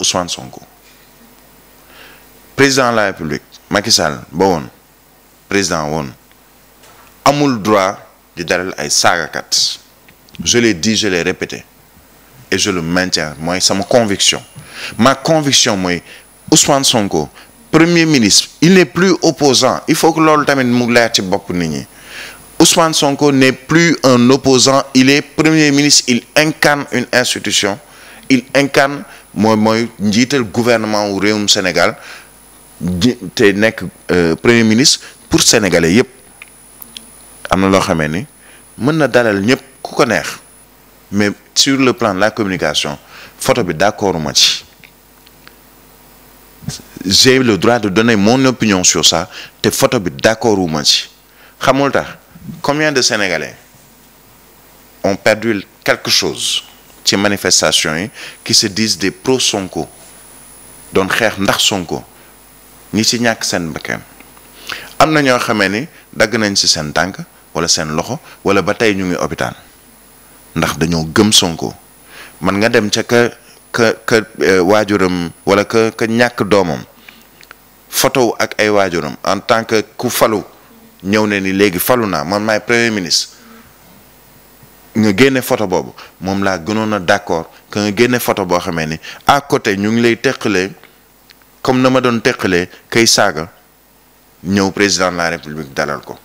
Ousmane Sonko président de la République Macky Sall ba woon président woon amul droit di dalal ay saagakat je l'ai dit je l'ai répété et je le maintiens mooy sama conviction ma conviction mooy Ousmane Sonko premier ministre il n'est plus opposant il faut que loolu tamit mu leer ci bopp nit ñi Ousmane Sonko n'est plus un opposant il est premier ministre il incarne une institution il incarne moo mooy njiital gouvernement wu réewum Sénégal te nekk euh, premier ministre pour sénégalais yépp am na loo xamee ni mën na dalal ñépp ku ko neex mais sur le plan de la communication photo bi d'accord ma ci j'ai le droit de donner mon opinion sur ça te photo bi d'accord wu ma ci xamul tax combien de sénégalais on perdu quelque chose ci manifestation yi ki se disent des pro Sonko doon xeex ndax Sonko ñi ci ñàkk seen bakkan am na ñoo xamee ni dagg nañ ci seen tànk wala seen loxo wala ba tey ñu ngi hôpital ndax dañoo gëm Sonko man nga dem ca ka ka ka eh, waajuram wala ka ka ñàkk doomam photo ak ay waajuram en tant que ku falu ñëw ne ni léegi falu naa man maay premier ministre nga génne photo boobu moom laa gënoon a d'accord que nga génne photo boo xamee ni à côté ñu ngi lay teqalee comme na ma doon teqalee kay saaga ñëw président de la république dalal ko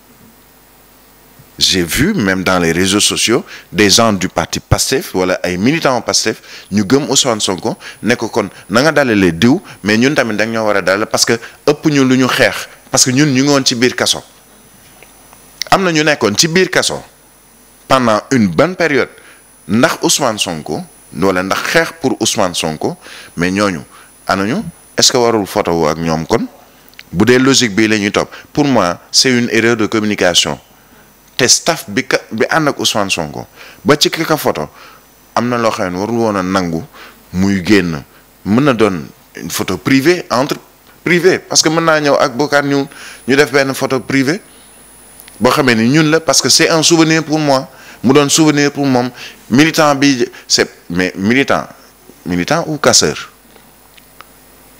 j'ai vu même dans les réseaux sociaux des gens du parti Pastef wala ay militants Pastef ñu gëm Ousmane Sonko ne ko kon na nga dalalee diw mais ñun tamit da ñoo war a dalal parce que ëpp ñu lu ñu xeex parce que ñun ñu ngi woon ci biir kaso am na ñu nekkoon ci biir kaso pendant une bonne période ndax Ousmane Sonko wala ndax xeex pour Ousmane Sonko mais ñooñu anañu est-ce que warul photo wu ak ñoom kon bu dee logique bii la ñuy topp pour moi c'est une erreur de communication te staff bi ka bi ànd ak Ousmane Sonko ba ci kaka photo am na loo xam ne warul woon a nangu muy génn mën na doon une photo privée entre privé parce que mën naa ñëw ak Bocar ñu ñu def benn photo privée boo xamee ni ñun la parce que c'est un souvenir pour moi mu doon souvenir pour moom militant bi c'est mais militant militant ou casseur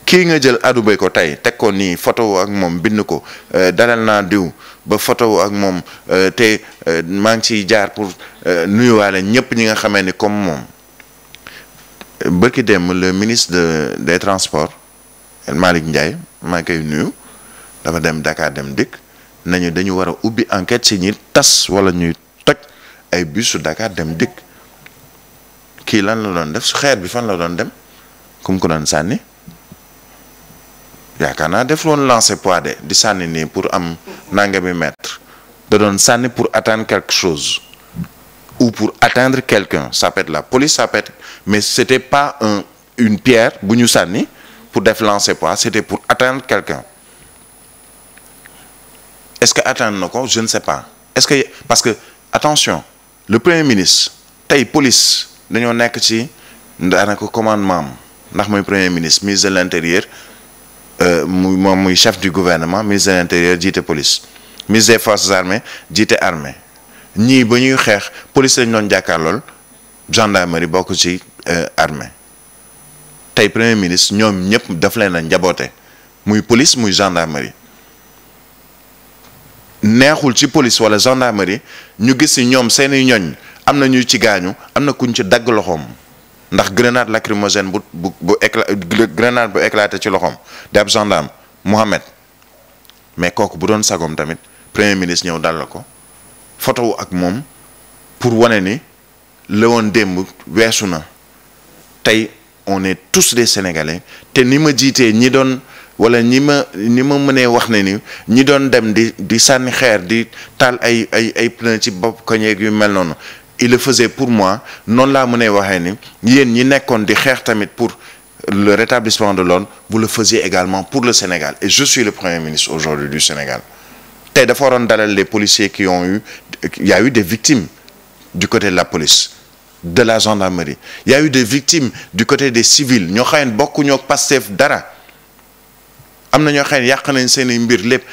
kii nga jël adoubé ko tey teg ko nii photo ak moom bind ko euh, dalal naa diw ba photo ak moom euh, te euh, maa ngi ciy jaar pour nuyuwaale ñëpp ñi nga xamee ni comme moom bërki dem le ministre de des transports Malick Ndiaye maa ngi koy nuyu dafa dem dakaar dem dikk nañu dañu war a ubbi enquête si ñi tas wala ñuy ay bus su Dakar dem dikk kii lan la doon def su xeer bi fan la doon dem kum ko doon sànni yaakaar naa def loon lancer pois de di sànni nii pour am nangami mètre da doon sànni pour atteindre quelque chose ou pour attendre quelqu'un ça la police ça peut être mais c'était pas un une pierre bu ñu sànni pour def lancer poids c'était pour atteindre quelqu'un est-ce que atteindre na ko je ne sais pas ce que parce que attention le premier ministre tey police dañoo nekk ci daanaka commandement ndax mooy premier ministre ministre de l' intérieur euh, muy moom muy chef du gouvernement ministre de l' intérieur jiite police ministre des forces jiite armée ñii ba ñuy xeex police lañ doon jàkkaarlool gendarmerie bokk ci euh, armée tey premier ministre ñoom ñëpp daf leen a njaboote muy police muy gendarmerie. neexul ci police wala gendarmerie ñu gis si ñoom seeni ñoñ am na ñu ci gaañu am na kuñ ci dagg loxoom ndax grenade lacrymogène bu bu bu écla bu éclaté ci loxoom de ab gendarme Mohamed mais kooku bu doon sagoom tamit premier ministre ñëw dal ko photo ak moom pour wone ni la démb weesu na tey on est tous des sénégalais te ni ma jiitee ñi doon. wala ñi ma ñi ma mënee wax ne ni ñi doon dem di di sànni xeer di taal ay ay ay pneu ci bopp koñeeg yu mel noonu il le faisait pour moi noonu laa mënee waxee ni yéen ñi nekkoon di xeex tamit pour le rétablissement de l'ordre vous le faisiez également pour le Sénégal et je suis le premier ministre aujourd'hui du Sénégal te dafa waroon dalal les policiers qui ont eu il eu des victimes du côté de la police de la gendarmerie il y a eu des victimes du côté de civils ñoo xam bokkuñoo Pastef dara am na ñoo xam ne yàq nañ seen mbir lépp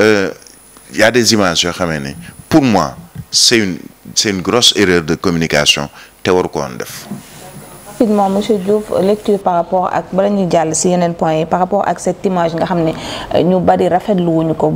euh, y des images yoo xamee ne pour moi c'est une c'est une grosse erreur de communication te waru ko def. rapidement monsieur Diouf lecture par rapport ak bala ñuy jàll ci yeneen point yi par rapport ak cette image nga xam ne euh, ñu bari rafetlu wuñu ko.